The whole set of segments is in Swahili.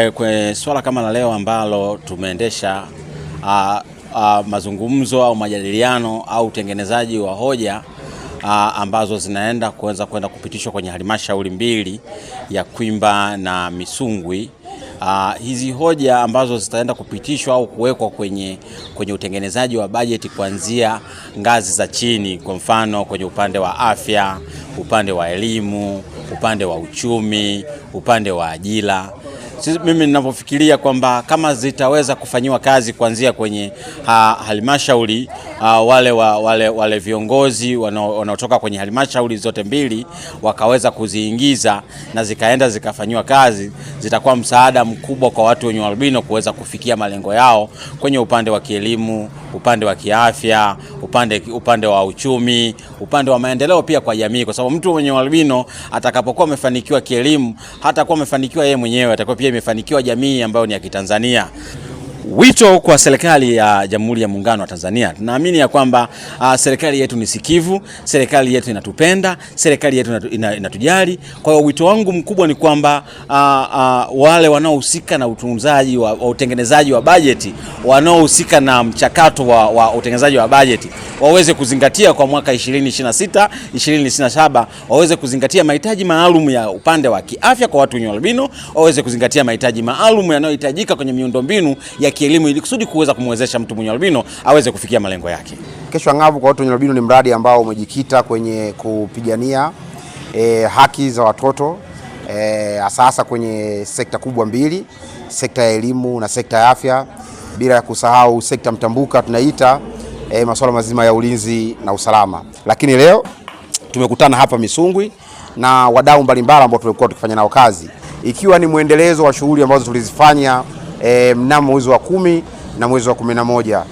Eh, kwa swala kama la leo ambalo tumeendesha a, ah, a, ah, mazungumzo au majadiliano au utengenezaji wa hoja a, ah, ambazo zinaenda kuweza kwenda kupitishwa kwenye halmashauri mbili ya Kwimba na Misungwi. Uh, hizi hoja ambazo zitaenda kupitishwa au kuwekwa kwenye, kwenye utengenezaji wa bajeti kuanzia ngazi za chini, kwa mfano kwenye upande wa afya, upande wa elimu, upande wa uchumi, upande wa ajira mimi ninavyofikiria kwamba kama zitaweza kufanyiwa kazi kuanzia kwenye ha, ah, halmashauri ha, ah, wale, wa, wale, wale viongozi wanaotoka kwenye halmashauri zote mbili wakaweza kuziingiza na zikaenda zikafanyiwa kazi, zitakuwa msaada mkubwa kwa watu wenye albino kuweza kufikia malengo yao kwenye upande wa kielimu, upande wa kiafya, upande, upande wa uchumi, upande wa maendeleo pia kwa jamii, kwa sababu mtu mwenye albino atakapokuwa amefanikiwa kielimu, hata kuwa amefanikiwa yeye mwenyewe, atakuwa pia imefanikiwa jamii ambayo ni ya Kitanzania. Wito kwa serikali ya Jamhuri ya Muungano wa Tanzania. Tunaamini ya kwamba uh, serikali yetu ni sikivu, serikali yetu inatupenda, serikali yetu inatujali. Kwa hiyo wito wangu mkubwa ni kwamba uh, uh, wale wanaohusika na utunzaji wa, wa utengenezaji wa bajeti, wanaohusika na mchakato wa, wa utengenezaji wa bajeti waweze kuzingatia kwa mwaka 2026 2027, waweze kuzingatia mahitaji maalum ya upande wa kiafya kwa watu wenye albino, waweze kuzingatia mahitaji maalum yanayohitajika kwenye miundombinu ya kielimu ili kusudi kuweza kumwezesha mtu mwenye albino aweze kufikia malengo yake. Kesho Angavu kwa watu wenye albino ni mradi ambao umejikita kwenye kupigania e, haki za watoto hasahasa e, kwenye sekta kubwa mbili, sekta ya elimu na sekta ya afya, bila ya kusahau sekta mtambuka tunaita e, masuala mazima ya ulinzi na usalama. Lakini leo tumekutana hapa Misungwi na wadau mbalimbali ambao tumekuwa tukifanya nao kazi, ikiwa ni mwendelezo wa shughuli ambazo tulizifanya e, mnamo mwezi wa kumi na mwezi wa kumi na moja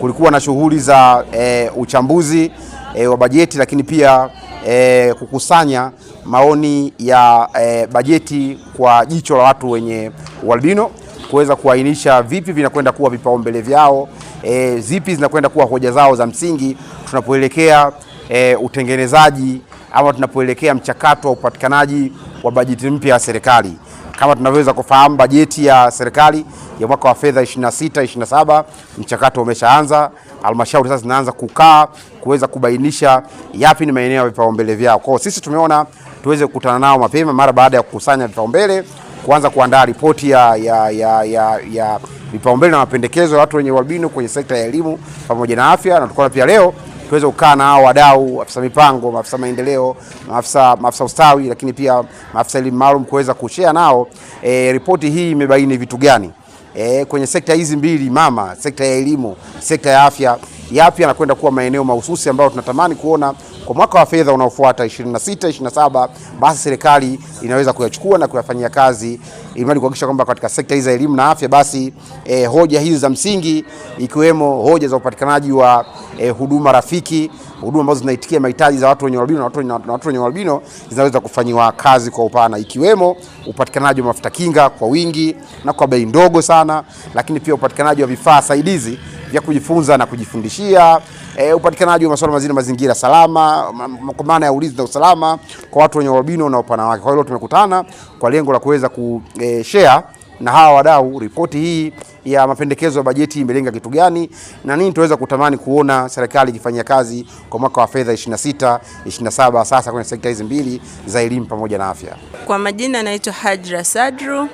kulikuwa na shughuli za e, uchambuzi e, wa bajeti lakini pia e, kukusanya maoni ya e, bajeti kwa jicho la watu wenye ualbino kuweza kuainisha vipi vinakwenda kuwa vipaumbele vyao, e, zipi zinakwenda kuwa hoja zao za msingi tunapoelekea e, utengenezaji ama tunapoelekea mchakato wa upatikanaji wa bajeti mpya ya serikali. Kama tunavyoweza kufahamu bajeti ya serikali ya mwaka wa fedha 26 27, mchakato umeshaanza. Halmashauri sasa zinaanza kukaa kuweza kubainisha yapi ni maeneo ya vipaumbele vyao. kwao sisi tumeona tuweze kukutana nao mapema mara baada ya kukusanya vipaumbele, kuanza kuandaa ripoti ya, ya, ya, ya, ya vipaumbele na mapendekezo ya watu wenye ualbino kwenye sekta ya elimu pamoja na afya, na tukaona pia leo tuweze kukaa na hao wadau, afisa mipango, maafisa maendeleo, maafisa maafisa ustawi, lakini pia maafisa elimu maalum kuweza kushare nao e, ripoti hii imebaini vitu gani e, kwenye sekta hizi mbili mama, sekta ya elimu, sekta ya afya, yapi yanakwenda kuwa maeneo mahususi ambayo tunatamani kuona kwa mwaka wa fedha unaofuata 26 27, basi serikali inaweza kuyachukua na kuyafanyia kazi ili kuhakikisha kwamba katika sekta hizi za elimu na afya basi e, hoja hizi za msingi ikiwemo hoja za upatikanaji wa e, huduma rafiki, huduma ambazo zinaitikia mahitaji za watu wenye albino na watu, wenye albino zinaweza kufanyiwa kazi kwa upana, ikiwemo upatikanaji wa mafuta kinga kwa wingi na kwa bei ndogo sana, lakini pia upatikanaji wa vifaa saidizi vya kujifunza na kujifundishia, e, upatikanaji wa masuala mazima mazingira salama kwa maana ya ulinzi na usalama kwa watu wenye wabino na upana wake. Kwa hiyo tumekutana kwa lengo la kuweza kushare e, na hawa wadau ripoti hii ya mapendekezo ya bajeti imelenga kitu gani na nini tunaweza kutamani kuona serikali ikifanyia kazi kwa mwaka wa fedha 26 27, sasa kwenye sekta hizi mbili za elimu pamoja na afya. Kwa majina anaitwa Hajra Sadru.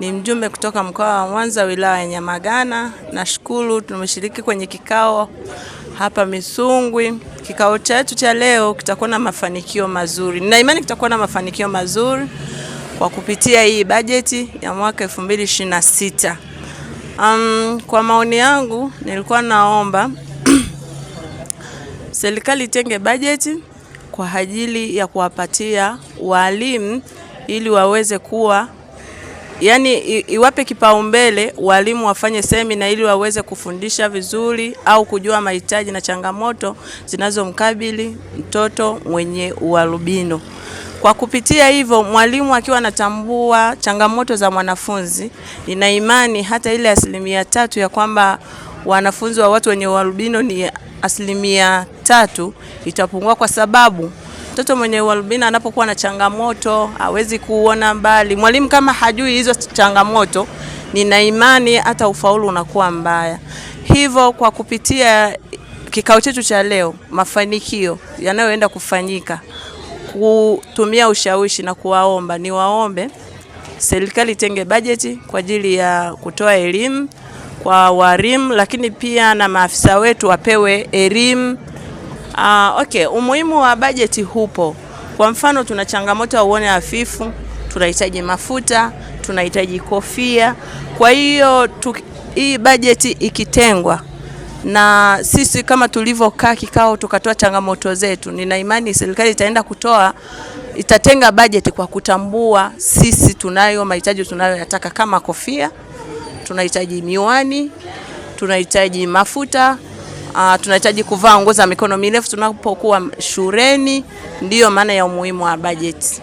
Ni mjumbe kutoka mkoa wa Mwanza, wilaya ya Nyamagana. Nashukuru tumeshiriki kwenye kikao hapa Misungwi. Kikao chetu cha leo kitakuwa na mafanikio mazuri, nina imani kitakuwa na mafanikio mazuri kwa kupitia hii bajeti ya mwaka 2026. Um, kwa maoni yangu nilikuwa naomba serikali itenge bajeti kwa ajili ya kuwapatia walimu ili waweze kuwa yani iwape kipaumbele walimu wafanye semina ili waweze kufundisha vizuri au kujua mahitaji na changamoto zinazomkabili mtoto mwenye ualbino. Kwa kupitia hivyo, mwalimu akiwa anatambua changamoto za mwanafunzi, ina imani hata ile asilimia tatu ya kwamba wanafunzi wa watu wenye ualbino ni asilimia tatu itapungua kwa sababu Mtoto mwenye ualbina anapokuwa na changamoto hawezi kuona mbali. Mwalimu kama hajui hizo changamoto, nina imani hata ufaulu unakuwa mbaya. Hivyo kwa kupitia kikao chetu cha leo, mafanikio yanayoenda kufanyika, kutumia ushawishi na kuwaomba, niwaombe serikali itenge bajeti kwa ajili ya kutoa elimu kwa walimu, lakini pia na maafisa wetu wapewe elimu Uh, okay, umuhimu wa bajeti hupo. Kwa mfano tuna changamoto ya uone hafifu, tunahitaji mafuta, tunahitaji kofia. Kwa hiyo hii bajeti ikitengwa na sisi kama tulivyokaa kikao tukatoa changamoto zetu, nina imani serikali itaenda kutoa itatenga bajeti kwa kutambua sisi tunayo mahitaji tunayoyataka, kama kofia tunahitaji, miwani tunahitaji, mafuta Uh, tunahitaji kuvaa nguo za mikono mirefu tunapokuwa shuleni, ndiyo maana ya umuhimu wa bajeti.